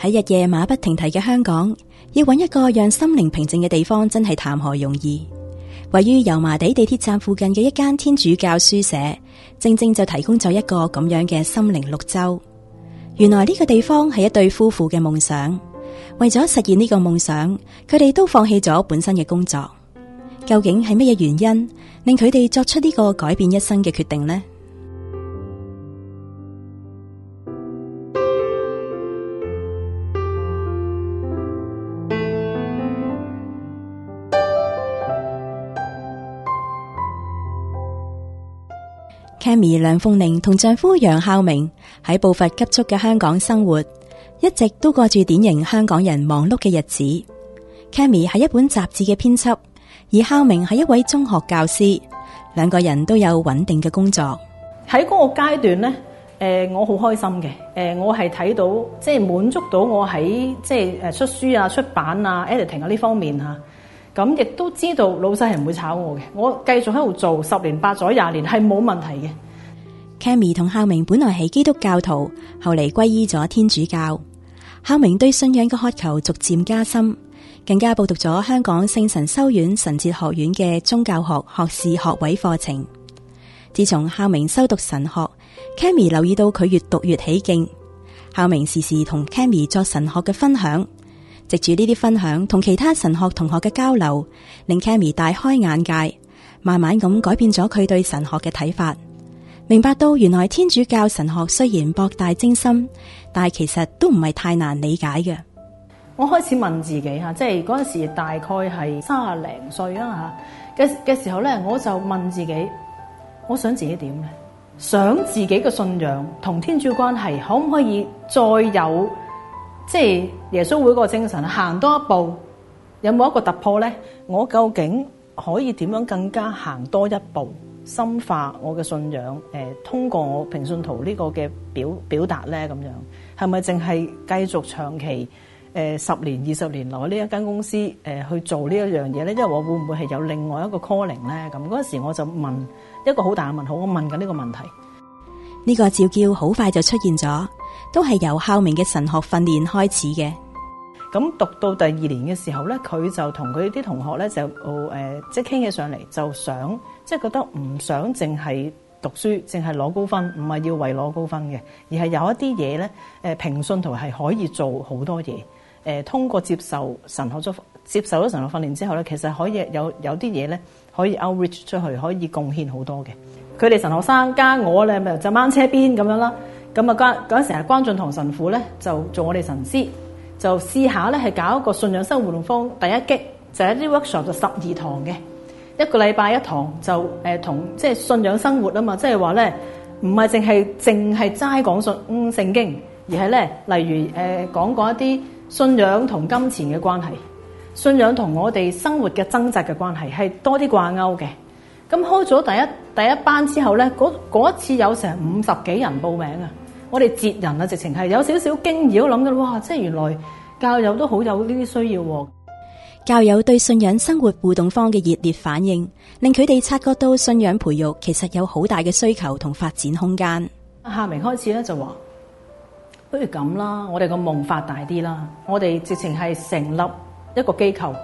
喺日夜馬不停蹄嘅香港，要揾一個讓心靈平靜嘅地方，真係談何容易。位於油麻地地鐵站附近嘅一間天主教書舍，正正就提供咗一個咁樣嘅心靈綠洲。原來呢個地方係一對夫婦嘅夢想，為咗實現呢個夢想，佢哋都放棄咗本身嘅工作。究竟係乜嘢原因令佢哋作出呢個改變一生嘅決定呢？Cammy 梁鳳玲同丈夫楊孝明喺步伐急速嘅香港生活，一直都過住典型香港人忙碌嘅日子。Cammy 係一本雜誌嘅編輯，而孝明係一位中學教師，兩個人都有穩定嘅工作。喺嗰個階段咧，誒，我好開心嘅，誒，我係睇到即係滿足到我喺即係誒出書啊、出版啊、editing 啊呢方面啊。咁亦都知道老細係唔會炒我嘅，我繼續喺度做十年、八載、廿年係冇問題嘅。Cammy 同孝明本來係基督教徒，後嚟皈依咗天主教。孝明對信仰嘅渴求逐漸加深，更加報讀咗香港聖神修院神哲學院嘅宗教學學士學位課程。自從孝明修讀神學，Cammy 留意到佢越讀越起勁。孝明時時同 Cammy 作神學嘅分享。藉住呢啲分享同其他神學同學嘅交流，令 Kami 大開眼界，慢慢咁改變咗佢對神學嘅睇法，明白到原來天主教神學雖然博大精深，但係其實都唔係太難理解嘅。我開始問自己吓，即係嗰陣時大概係三十零歲啊吓嘅嘅時候咧，我就問自己，我想自己點咧？想自己嘅信仰同天主關係可唔可以再有？即係耶穌會個精神，行多一步有冇一個突破咧？我究竟可以點樣更加行多一步，深化我嘅信仰？誒，通過我平信徒呢個嘅表表達咧，咁樣係咪淨係繼續長期誒十年二十年留喺呢一間公司誒去做呢一樣嘢咧？因為我會唔會係有另外一個 calling 咧？咁嗰陣時我就問一個好大嘅問號，我問緊呢個問題。呢個召叫好快就出現咗。都係由孝明嘅神學訓練開始嘅，咁讀到第二年嘅時候咧，佢就同佢啲同學咧就誒、哦呃，即係傾起上嚟，就想即係覺得唔想淨係讀書，淨係攞高分，唔係要為攞高分嘅，而係有一啲嘢咧，誒，平信徒係可以做好多嘢，誒、呃，通過接受神學咗，接受咗神學訓練之後咧，其實可以有有啲嘢咧，可以 outreach 出去，可以貢獻好多嘅。佢哋神學生加我咧，咪就掹車邊咁樣啦。咁啊！嗰嗰陣時啊，關俊堂神父咧就做我哋神師，就試下咧係搞一個信仰生活方。第一擊就係啲 workshop，就十二堂嘅，一個禮拜一堂，就誒同即係信仰生活啊嘛，即係話咧唔係淨係淨係齋講信聖經，而係咧例如誒講過一啲信仰同金錢嘅關係，信仰同我哋生活嘅掙扎嘅關係係多啲掛鈎嘅。咁開咗第一第一班之後咧，嗰嗰一次有成五十幾人報名啊！我哋接人啊，直情係有少少驚擾，諗嘅哇，即係原來教友都好有呢啲需要。教友對信仰生活互動方嘅熱烈反應，令佢哋察覺到信仰培育其實有好大嘅需求同發展空間。夏明開始咧就話不如咁啦，我哋個夢發大啲啦，我哋直情係成立一個機構，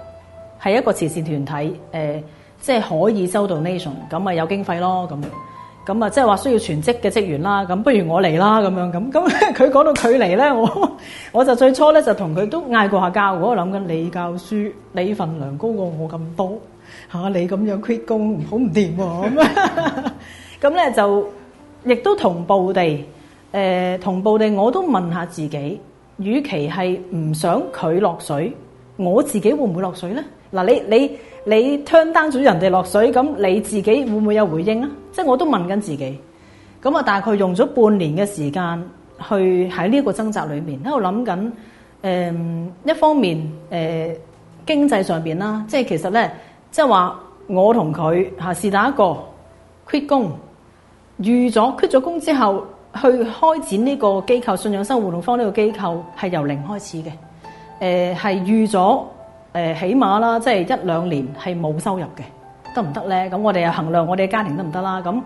係一個慈善團體，誒、呃，即係可以收到 nation，咁咪有經費咯，咁。咁啊，即係話需要全職嘅職員啦，咁不如我嚟啦，咁樣咁咁。佢講到佢離咧，我我就最初咧就同佢都嗌過下交。我諗緊，你教書，你份糧高過我咁多吓，你咁樣 quit 工，好唔掂啊！咁咧就亦都同步地，誒，同步地，我都問下自己，與其係唔想佢落水，我自己會唔會落水咧？嗱，你你你槍單咗人哋落水，咁你自己會唔會有回應啊？即係我都問緊自己。咁啊，大概用咗半年嘅時間去喺呢一個掙扎裏面，喺度諗緊。誒，一方面誒經濟上邊啦，即係其實咧，即係話我同佢嚇是打一個缺工，預咗缺咗工之後去開展呢個機構，信仰生活農坊。呢個機構係由零開始嘅。誒，係預咗。誒，起碼啦，即係一兩年係冇收入嘅，得唔得咧？咁我哋又衡量我哋嘅家庭得唔得啦？咁誒、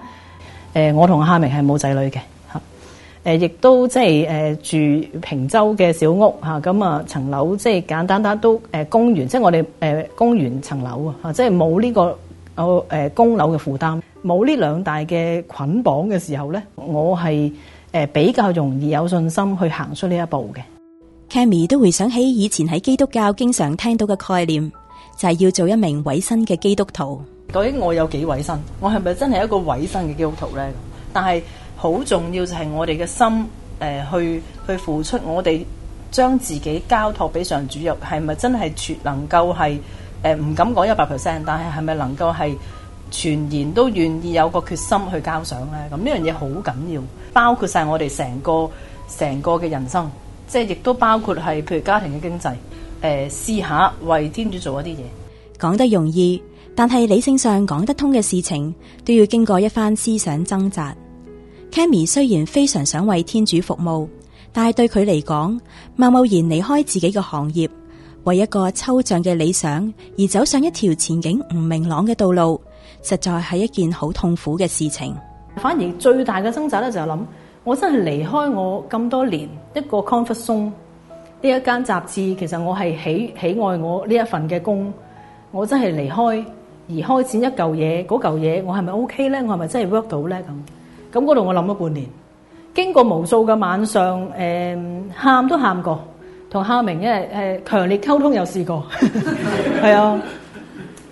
就是，我同阿夏明係冇仔女嘅吓，誒，亦都即係誒住坪洲嘅小屋吓，咁啊層樓即係簡單啲都誒供完，即係我哋誒供完層樓啊吓，即係冇呢個誒供樓嘅負擔，冇呢兩大嘅捆綁嘅時候咧，我係誒比較容易有信心去行出呢一步嘅。Cammy 都回想起以前喺基督教經常聽到嘅概念，就係要做一名委身嘅基督徒。究竟我有幾委身？我係咪真係一個委身嘅基督徒咧？但係好重要就係我哋嘅心，誒、呃，去去付出，我哋將自己交託俾上主，又係咪真係全能夠係？誒、呃，唔敢講一百 percent，但係係咪能夠係全然都願意有個決心去交上咧？咁呢樣嘢好緊要，包括晒我哋成個成個嘅人生。即係亦都包括係，譬如家庭嘅經濟，誒，試下為天主做一啲嘢。講得容易，但係理性上講得通嘅事情，都要經過一番思想掙扎。Kami 雖然非常想為天主服務，但係對佢嚟講，貿貿然離開自己嘅行業，為一個抽象嘅理想而走上一條前景唔明朗嘅道路，實在係一件好痛苦嘅事情。反而最大嘅掙扎咧，就係諗。我真係離開我咁多年一個 comfort zone。呢一間雜誌，其實我係喜喜愛我呢一份嘅工。我真係離開而開展一嚿嘢，嗰嚿嘢我係咪 OK 咧？我係咪真係 work 到咧？咁咁嗰度我諗咗半年，經過無數嘅晚上，誒、呃、喊都喊過，同夏明一係強強烈溝通有試過，係 啊。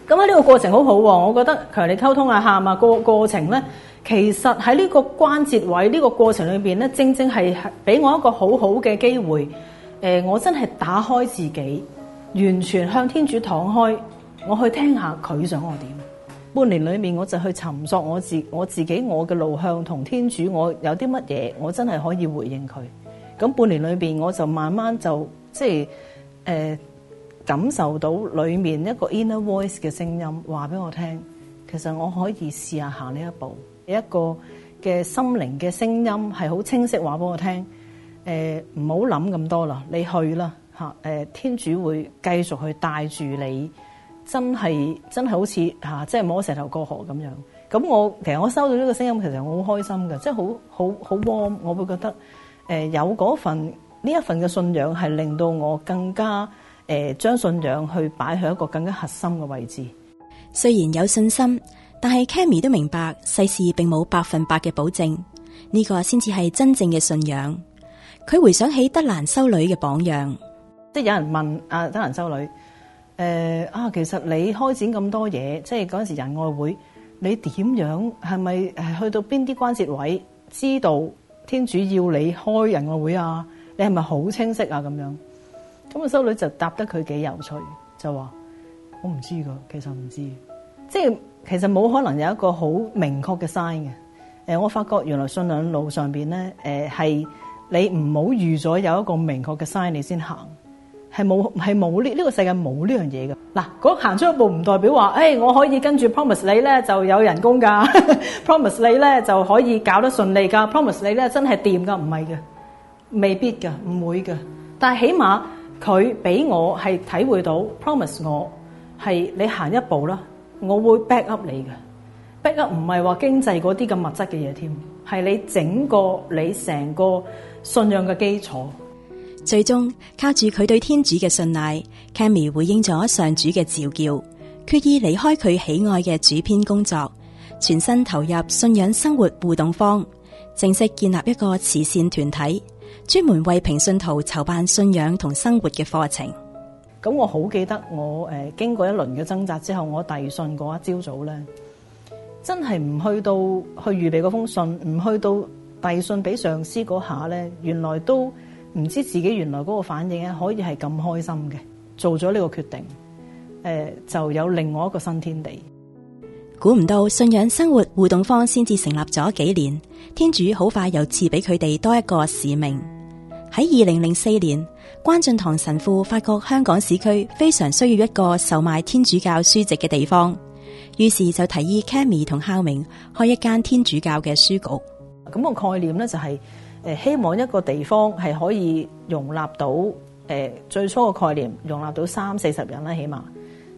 咁喺呢個過程好好、啊、喎，我覺得強烈溝通啊喊啊過過程咧。其實喺呢個關節位呢、呢個過程裏面，呢正正係俾我一個好好嘅機會、呃。我真係打開自己，完全向天主敞開，我去聽下佢想我點。半年裏面，我就去尋索我自己我自己我嘅路向同天主，我有啲乜嘢，我真係可以回應佢。咁半年裏面，我就慢慢就即係、呃、感受到裏面一個 inner voice 嘅聲音，話俾我聽，其實我可以試下行呢一步。一個嘅心靈嘅聲音係好清晰話俾我聽，誒唔好諗咁多啦，你去啦嚇！誒、呃、天主會繼續去帶住你，真係真係好似嚇，即、啊、係摸石頭過河咁樣。咁我其實我收到呢個聲音，其實我好開心嘅，即係好好好 warm，我會覺得誒、呃、有嗰份呢一份嘅信仰係令到我更加誒將、呃、信仰去擺喺一個更加核心嘅位置。雖然有信心。但係 Kami 都明白世事並冇百分百嘅保證，呢、這個先至係真正嘅信仰。佢回想起德蘭修女嘅榜樣，即係有人問阿、啊、德蘭修女，誒、呃、啊，其實你開展咁多嘢，即係嗰陣時仁愛會，你點樣係咪係去到邊啲關節位知道天主要你開仁愛會啊？你係咪好清晰啊？咁樣咁啊，修女就答得佢幾有趣，就話我唔知噶，其實唔知，即係。其實冇可能有一個好明確嘅 sign 嘅，誒，我發覺原來信兩路上邊咧，誒，係你唔好預咗有一個明確嘅 sign 你先行係冇，係冇係冇呢呢個世界冇呢樣嘢嘅。嗱，如果行出一步唔代表話，誒、哎，我可以跟住 promise 你咧就有人工噶 ，promise 你咧就可以搞得順利噶 ，promise 你咧 真係掂噶，唔係嘅，未必嘅，唔會嘅。但係起碼佢俾我係體會到 promise 我係你行一步啦。我會 back up 你嘅，back up 唔係話經濟嗰啲咁物質嘅嘢添，係你整個你成個信仰嘅基礎。最終靠住佢對天主嘅信賴，Kami 回應咗上主嘅召叫，決意離開佢喜愛嘅主編工作，全身投入信仰生活互動坊，正式建立一個慈善團體，專門為平信徒籌辦信仰同生活嘅課程。咁我好記得我誒，經過一輪嘅掙扎之後，我遞信嗰一朝早咧，真係唔去到去預備嗰封信，唔去到遞信俾上司嗰下咧，原來都唔知自己原來嗰個反應咧，可以係咁開心嘅。做咗呢個決定，誒，就有另外一個新天地。估唔到信仰生活互動方先至成立咗幾年，天主好快又賜俾佢哋多一個使命，喺二零零四年。關進堂神父發覺香港市區非常需要一個售賣天主教書籍嘅地方，於是就提議 Kami 同孝明開一間天主教嘅書局。咁個概念咧就係誒，希望一個地方係可以容納到誒最初個概念，容納到三四十人啦，起碼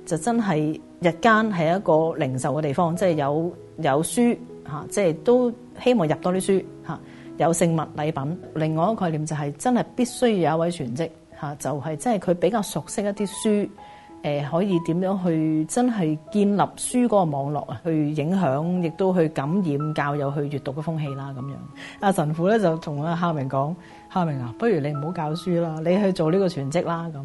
就真係日間係一個零售嘅地方，即係有有書吓，即係都希望入多啲書吓。有聖物禮品，另外一個概念就係、是、真係必須有一位全職嚇，就係真係佢比較熟悉一啲書，誒可以點樣去真係建立書嗰個網絡啊，去影響亦都去感染教友去閱讀嘅風氣啦咁樣。阿神父咧就同阿夏明講：夏明啊，不如你唔好教書啦，你去做呢個全職啦咁。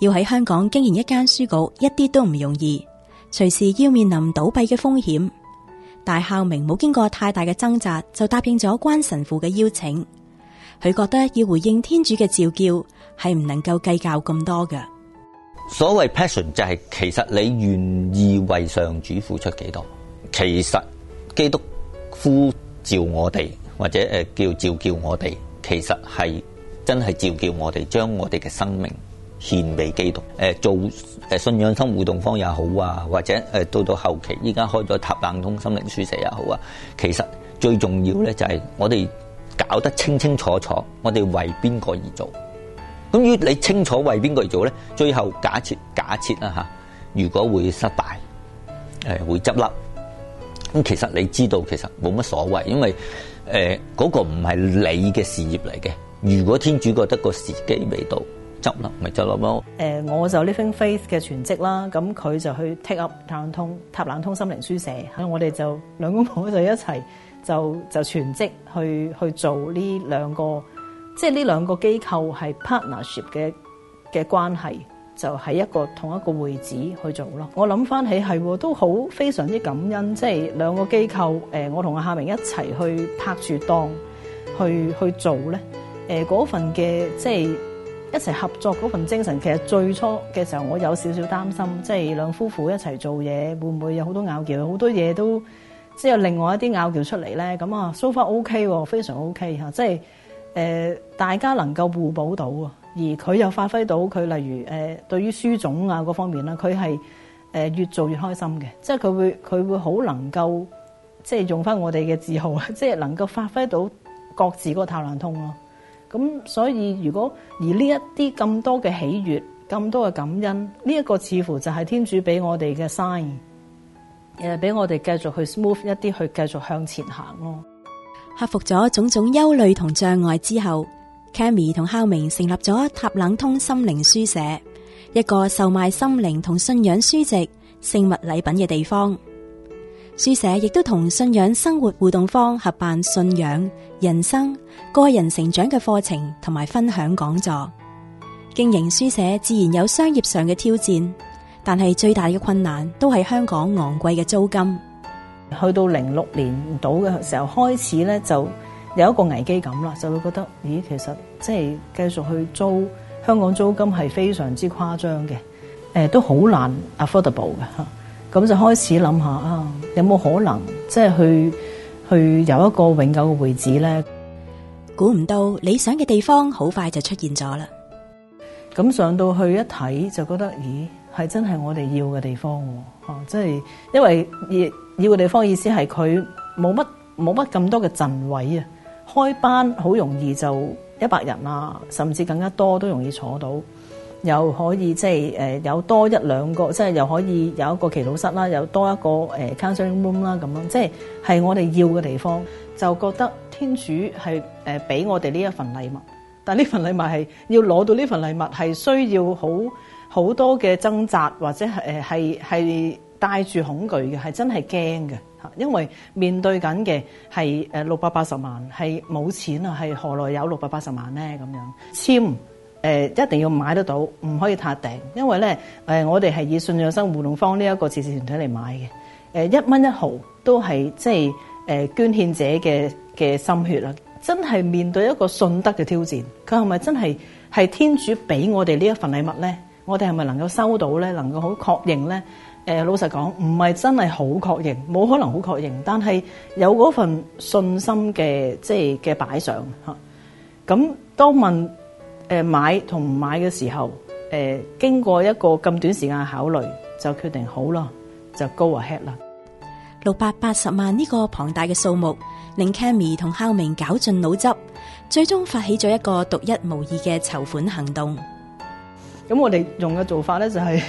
要喺香港經營一間書局，一啲都唔容易，隨時要面臨倒閉嘅風險。大孝明冇經過太大嘅掙扎，就答應咗關神父嘅邀請。佢覺得要回應天主嘅召叫，係唔能夠計較咁多嘅。所謂 passion 就係其實你願意為上主付出幾多。其實基督呼召我哋，或者誒叫召叫我哋，其實係真係召叫我哋，將我哋嘅生命。獻為基督，誒做誒信仰生活動方也好啊，或者誒到到後期，依家開咗塔冷通心靈書舍，也好啊，其實最重要咧就係我哋搞得清清楚楚，我哋為邊個而做。咁要你清楚為邊個而做咧，最後假設假設啦吓，如果會失敗，誒會執笠，咁其實你知道其實冇乜所謂，因為誒嗰、呃那個唔係你嘅事業嚟嘅。如果天主覺得個時機未到。執笠咪執笠咯！誒，我就 living face 嘅全職啦，咁佢就去 take up 塔冷通、塔冷通心靈書寫。咁我哋就兩公婆就一齊就就全職去去做呢兩個，即兩個係呢兩個機構係 partnership 嘅嘅關係，就喺、是、一個同一個會址去做咯。我諗翻起係都好非常之感恩，即係兩個機構、呃、我同阿夏明一齊去拍住檔去去做咧，嗰、呃、份嘅即係。一齊合作嗰份精神，其實最初嘅時候，我有少少擔心，即係兩夫婦一齊做嘢，會唔會有好多拗撬？好多嘢都即係有另外一啲拗撬出嚟咧。咁啊，so far O K，非常 O K 嚇，即係誒大家能夠互補到喎。而佢又發揮到佢，例如誒對於書種啊嗰方面啦，佢係誒越做越開心嘅，即係佢會佢會好能夠即係用翻我哋嘅字號即係能夠發揮到各自個太腦通咯。咁所以，如果而呢一啲咁多嘅喜悅，咁多嘅感恩，呢、這、一個似乎就係天主俾我哋嘅 sign，誒俾我哋繼續去 smooth 一啲，去繼續向前行咯。克服咗種種憂慮同障礙之後，Cammy 同孝明成立咗塔冷通心靈書社，一個售賣心靈同信仰書籍、聖物禮品嘅地方。書社亦都同信仰生活互動方合辦信仰人生個人成長嘅課程同埋分享講座。經營書社自然有商業上嘅挑戰，但係最大嘅困難都係香港昂貴嘅租金。去到零六年到嘅時候開始咧，就有一個危機感啦，就會覺得咦，其實即係繼續去租香港租金係非常之誇張嘅，誒、呃，都好難 affordable 嘅。咁就開始諗下啊，有冇可能即係去去有一個永久嘅會址咧？估唔到理想嘅地方好快就出現咗啦！咁上到去一睇就覺得，咦，係真係我哋要嘅地方喎、啊！即、啊、係、就是、因為要要嘅地方意思係佢冇乜冇乜咁多嘅陣位啊，開班好容易就一百人啊，甚至更加多都容易坐到。又可以即係誒有多一兩個，即係又可以有一個祈禱室啦，有多一個誒 counseling room 啦，咁樣即係係我哋要嘅地方，就覺得天主係誒俾我哋呢一份禮物，但係呢份禮物係要攞到呢份禮物係需要好好多嘅掙扎，或者係誒係係帶住恐懼嘅，係真係驚嘅嚇，因為面對緊嘅係誒六百八十萬，係冇錢啊，係何來有六百八十萬呢？咁樣籤。簽呃、一定要買得到，唔可以撻訂，因為咧、呃、我哋係以信仰生活動方呢一個慈善團體嚟買嘅、呃。一蚊一毫都係即係捐獻者嘅嘅心血啦。真係面對一個信德嘅挑戰，佢係咪真係係天主俾我哋呢一份禮物咧？我哋係咪能夠收到咧？能夠好確認咧、呃？老實講，唔係真係好確認，冇可能好確認。但係有嗰份信心嘅，即係嘅擺上嚇。咁當問？誒，買同唔買嘅時候，誒、呃，經過一個咁短時間嘅考慮，就決定好啦，就 go ahead 啦，六百八十萬呢個龐大嘅數目，令 Cammy 同孝明絞盡腦汁，最終發起咗一個獨一無二嘅籌款行動。咁我哋用嘅做法咧就係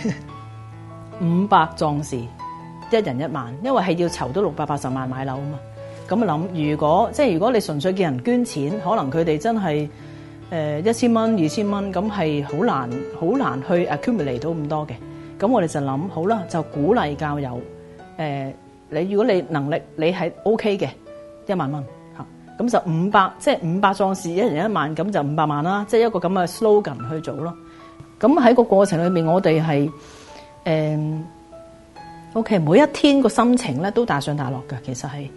五百壯士，一人一萬，因為係要籌到六百八十萬買樓啊嘛。咁諗，如果即係如果你純粹叫人捐錢，可能佢哋真係。誒、呃、一千蚊、二千蚊咁係好難、好難去 accumulate 到咁多嘅。咁我哋就諗好啦，就鼓勵教友。呃、你如果你能力你係 OK 嘅，一萬蚊嚇，咁就五百，即係五百壯士一人一萬，咁就五百萬啦。即係一個咁嘅 slogan 去做咯。咁喺個過程裏面，我哋係、呃、OK，每一天個心情咧都大上大落㗎。其實係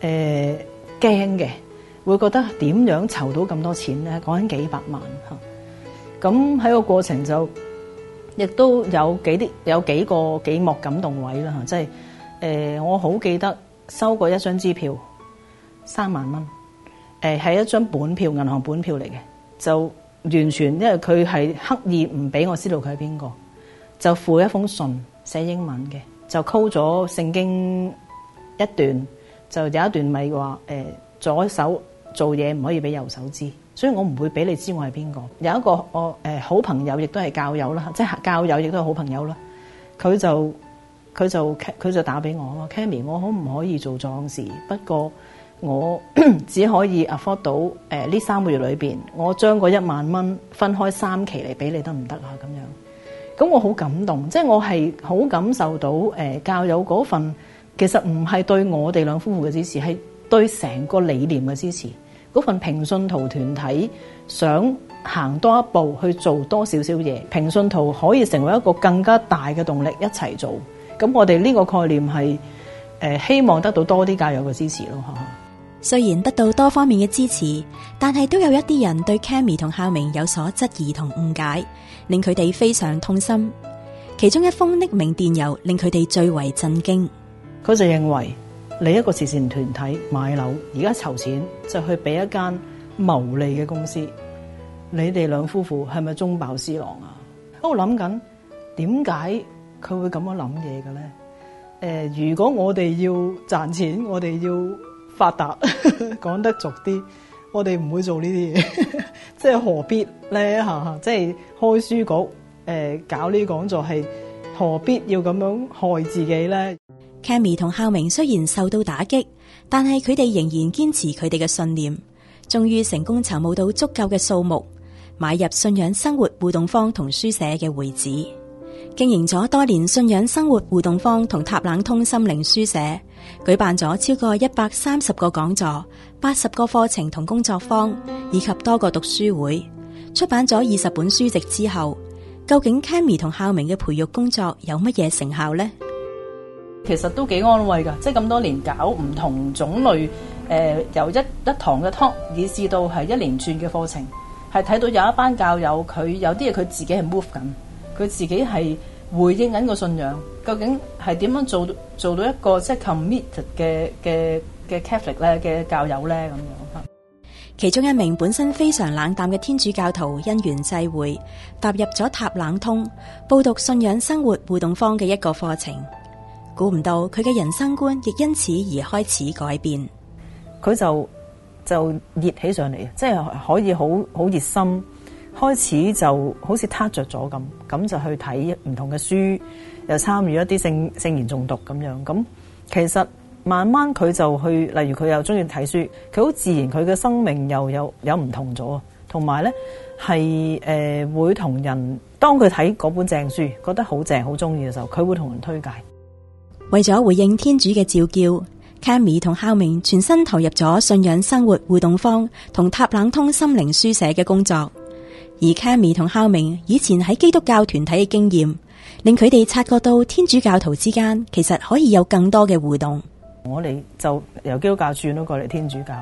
誒驚嘅。呃會覺得點樣籌到咁多錢咧？講緊幾百萬吓，咁喺個過程就亦都有幾啲有幾個幾幕感動位啦吓，即係誒、呃，我好記得收過一張支票三萬蚊，誒、呃、係一張本票，銀行本票嚟嘅，就完全因為佢係刻意唔俾我知道佢係邊個，就附一封信，寫英文嘅，就抄咗聖經一段，就有一段咪話誒、呃、左手。做嘢唔可以俾右手知，所以我唔會俾你知我係邊個。有一個我誒好朋友，亦都係教友啦，即係教友亦都係好朋友啦。佢就佢就佢就打俾我，Kami，我可唔可以做壯士？不過我只可以 afford 到誒呢三個月裏邊，我將嗰一萬蚊分開三期嚟俾你得唔得啊？咁樣，咁我好感動，即係我係好感受到誒教友嗰份，其實唔係對我哋兩夫婦嘅支持，係對成個理念嘅支持。嗰份平信徒團體想行多一步去做多少少嘢，平信徒可以成為一個更加大嘅動力一齊做。咁我哋呢個概念係誒、呃，希望得到多啲教友嘅支持咯吓。雖然得到多方面嘅支持，但係都有一啲人對 Kami 同孝明有所質疑同誤解，令佢哋非常痛心。其中一封匿名電郵令佢哋最為震驚，佢就認為。你一個慈善團體買樓，而家籌錢就去俾一間牟利嘅公司。你哋兩夫婦係咪中飽私囊啊？我諗緊，點解佢會咁樣諗嘢嘅咧？誒、呃，如果我哋要賺錢，我哋要發達， 講得俗啲，我哋唔會做這些 呢啲嘢，啊。即係何必咧吓？即係開書局，誒、呃，搞呢啲講座係，何必要咁樣害自己咧？Cammy 同孝明雖然受到打擊，但係佢哋仍然堅持佢哋嘅信念，終於成功籌募到足夠嘅數目，買入信仰生活互動坊同書舍嘅會址，經營咗多年信仰生活互動坊同塔冷通心靈書舍，舉辦咗超過一百三十個講座、八十個課程同工作坊，以及多個讀書會，出版咗二十本書籍之後，究竟 Cammy 同孝明嘅培育工作有乜嘢成效呢？其實都幾安慰噶，即係咁多年搞唔同種類誒、呃，由一一堂嘅 talk，以至到係一連串嘅課程，係睇到有一班教友佢有啲嘢佢自己係 move 緊，佢自己係回應緊個信仰。究竟係點樣做做到一個即係 committed 嘅嘅嘅 Catholic 咧嘅教友咧咁樣？其中一名本身非常冷淡嘅天主教徒因緣際會踏入咗塔冷通報讀信仰生活互動方嘅一個課程。估唔到佢嘅人生觀亦因此而開始改變，佢就就熱起上嚟，即係可以好好熱心，開始就好似撻著咗咁，咁就去睇唔同嘅書，又參與一啲聖聖言誦讀咁樣。咁其實慢慢佢就去，例如佢又中意睇書，佢好自然，佢嘅生命又有有唔同咗。同埋咧係誒會同人，當佢睇嗰本正書，覺得好正好中意嘅時候，佢會同人推介。為咗回應天主嘅召叫，Cammy 同孝明全身投入咗信仰生活互動方同塔冷通心靈書寫嘅工作。而 Cammy 同孝明以前喺基督教團體嘅經驗，令佢哋察覺到天主教徒之間其實可以有更多嘅互動。我哋就由基督教轉咗過嚟天主教，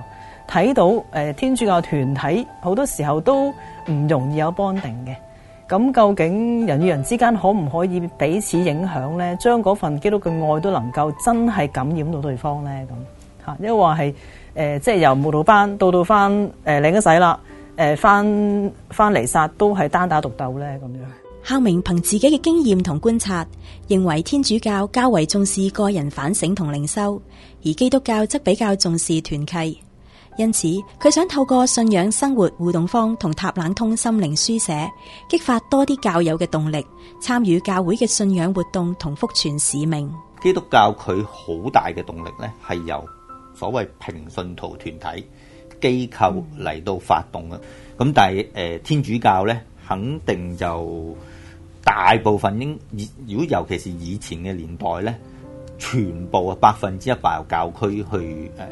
睇到誒天主教團體好多時候都唔容易有 bonding 嘅。咁究竟人與人之間可唔可以彼此影響呢？將嗰份基督嘅愛都能夠真係感染到對方呢？咁吓，亦話係即係由慕道班到到翻誒、呃、領恩洗啦，誒翻翻彌撒都係單打獨鬥呢。咁樣。孝明憑自己嘅經驗同觀察，認為天主教較為重視個人反省同靈修，而基督教則比較重視團契。因此，佢想透過信仰生活互動方同塔冷通心靈書寫，激發多啲教友嘅動力，參與教會嘅信仰活動同福傳使命。基督教佢好大嘅動力咧，係由所謂平信徒團體機構嚟到發動嘅。咁但係誒、呃，天主教咧，肯定就大部分應以如果尤其是以前嘅年代咧，全部啊百分之一百由教區去誒。呃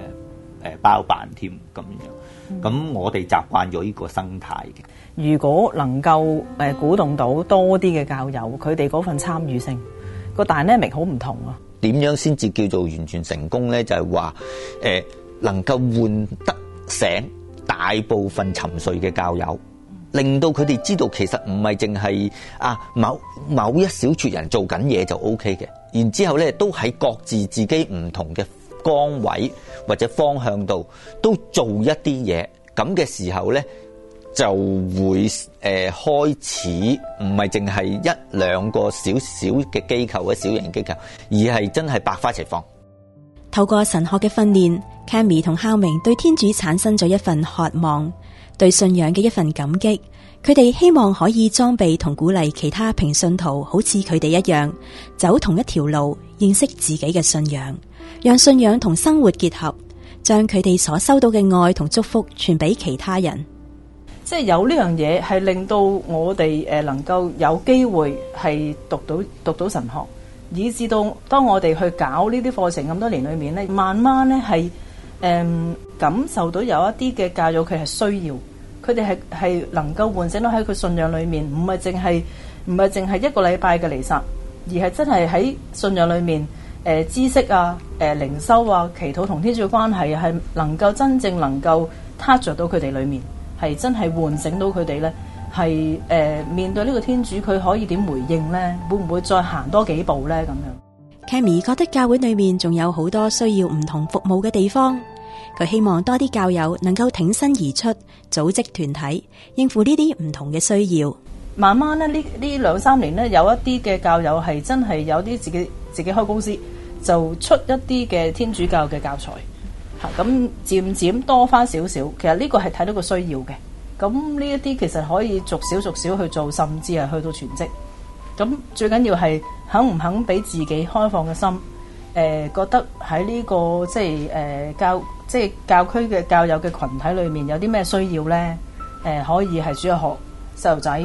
誒包辦添咁樣，咁我哋習慣咗呢個生態嘅。如果能夠誒、呃、鼓動到多啲嘅教友，佢哋嗰份參與性、嗯嗰個 dynamic 咪好唔同啊！點樣先至叫做完全成功咧？就係話誒能夠換得醒大部分沉睡嘅教友，令到佢哋知道其實唔係淨係啊某某一小撮人做緊嘢就 OK 嘅。然之後咧都喺各自自己唔同嘅崗位或者方向度都做一啲嘢，咁嘅時候呢就會誒、呃、開始，唔係淨係一兩個小小嘅機構嘅小型機構，而係真係百花齊放。透過神學嘅訓練，Kami 同孝明對天主產生咗一份渴望，對信仰嘅一份感激。佢哋希望可以裝備同鼓勵其他平信徒，好似佢哋一樣走同一條路，認識自己嘅信仰。讓信仰同生活結合，將佢哋所收到嘅愛同祝福傳俾其他人，即係有呢樣嘢，係令到我哋誒能夠有機會係讀到讀到神學，以至到當我哋去搞呢啲課程咁多年裏面咧，慢慢咧係誒感受到有一啲嘅教育，佢係需要，佢哋係係能夠喚醒到喺佢信仰裏面，唔係淨係唔係淨係一個禮拜嘅離散，而係真係喺信仰裏面。誒、呃、知識啊、誒、呃、靈修啊、祈禱同天主嘅關係係能夠真正能夠 touch 到佢哋裏面，係真係喚醒到佢哋咧，係誒、呃、面對呢個天主佢可以點回應咧？會唔會再行多幾步咧？咁樣，Cammy 覺得教會裏面仲有好多需要唔同服務嘅地方，佢希望多啲教友能夠挺身而出，組織團體應付呢啲唔同嘅需要。慢慢咧，呢呢兩三年咧，有一啲嘅教友係真係有啲自己自己開公司。就出一啲嘅天主教嘅教材，吓咁漸漸多翻少少，其實呢個係睇到個需要嘅。咁呢一啲其實可以逐少逐少去做，甚至係去到全職。咁最緊要係肯唔肯俾自己開放嘅心，誒、呃，覺得喺呢、這個即係誒、呃、教即係教區嘅教友嘅群體裏面，有啲咩需要呢？誒、呃，可以係主要學細路仔、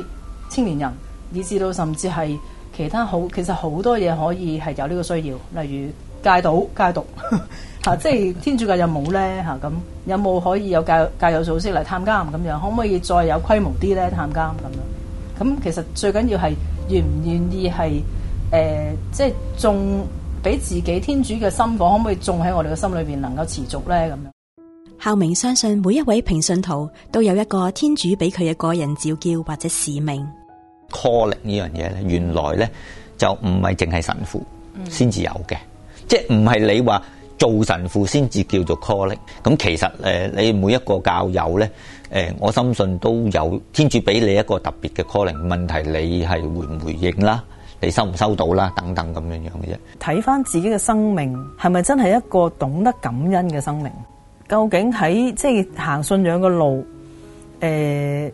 青年人，以至到甚至係。其他好，其實好多嘢可以係有呢個需要，例如戒賭、戒毒吓，即 係天主教有冇咧吓？咁有冇可以有教教友組織嚟探監咁樣？可唔可以再有規模啲咧探監咁樣？咁其實最緊要係願唔願意係誒，即係種俾自己天主嘅心房，可唔可以種喺我哋嘅心裏邊能夠持續咧？咁樣，孝明相信每一位平信徒都有一個天主俾佢嘅個人召叫或者使命。calling 呢樣嘢咧，原來咧就唔係淨係神父先至有嘅，嗯，即係唔係你話做神父先至叫做 calling。咁其實誒，你每一個教友咧，誒，我深信都有天主俾你一個特別嘅 calling。問題你係回唔回應啦，你收唔收到啦，等等咁樣樣嘅啫。睇翻自己嘅生命係咪真係一個懂得感恩嘅生命？究竟喺即係行信仰嘅路誒？呃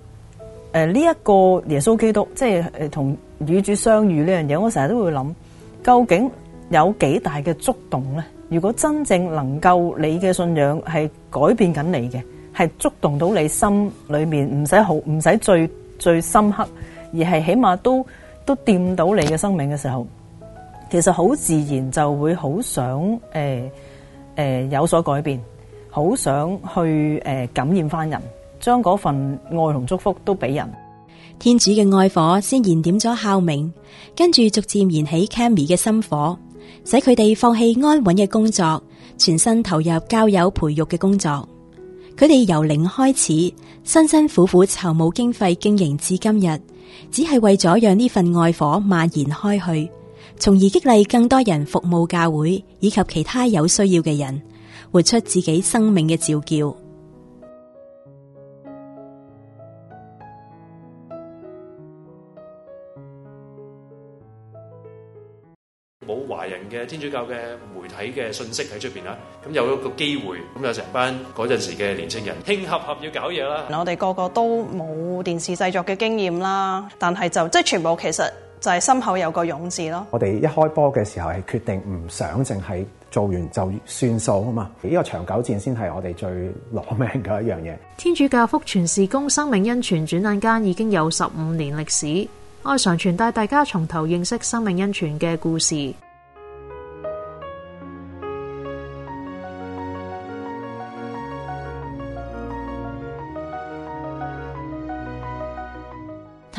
誒，呢一個耶穌基督，即係誒同與主相遇呢樣嘢，我成日都會諗，究竟有幾大嘅觸動咧？如果真正能夠你嘅信仰係改變緊你嘅，係觸動到你心裏面，唔使好唔使最最深刻，而係起碼都都掂到你嘅生命嘅時候，其實好自然就會好想誒誒有所改變，好想去誒感染翻人。將嗰份愛同祝福都俾人，天主嘅愛火先燃點咗孝明，跟住逐漸燃起 Cammy 嘅心火，使佢哋放棄安穩嘅工作，全身投入交友培育嘅工作。佢哋由零開始，辛辛苦苦籌募經費經營，至今日，只係為咗讓呢份愛火蔓延開去，從而激勵更多人服務教會以及其他有需要嘅人，活出自己生命嘅召叫。天主教嘅媒體嘅信息喺出面啦，咁有一個機會，咁有成班嗰陣時嘅年輕人興合合要搞嘢啦。我哋個個都冇電視製作嘅經驗啦，但係就即係全部其實就係心口有個勇字咯。我哋一開波嘅時候係決定唔想，淨係做完就算數啊嘛。呢、這個長久戰先係我哋最攞命嘅一樣嘢。天主教福傳事工生命恩泉，轉眼間已經有十五年歷史。愛常傳帶大家從頭認識生命恩泉嘅故事。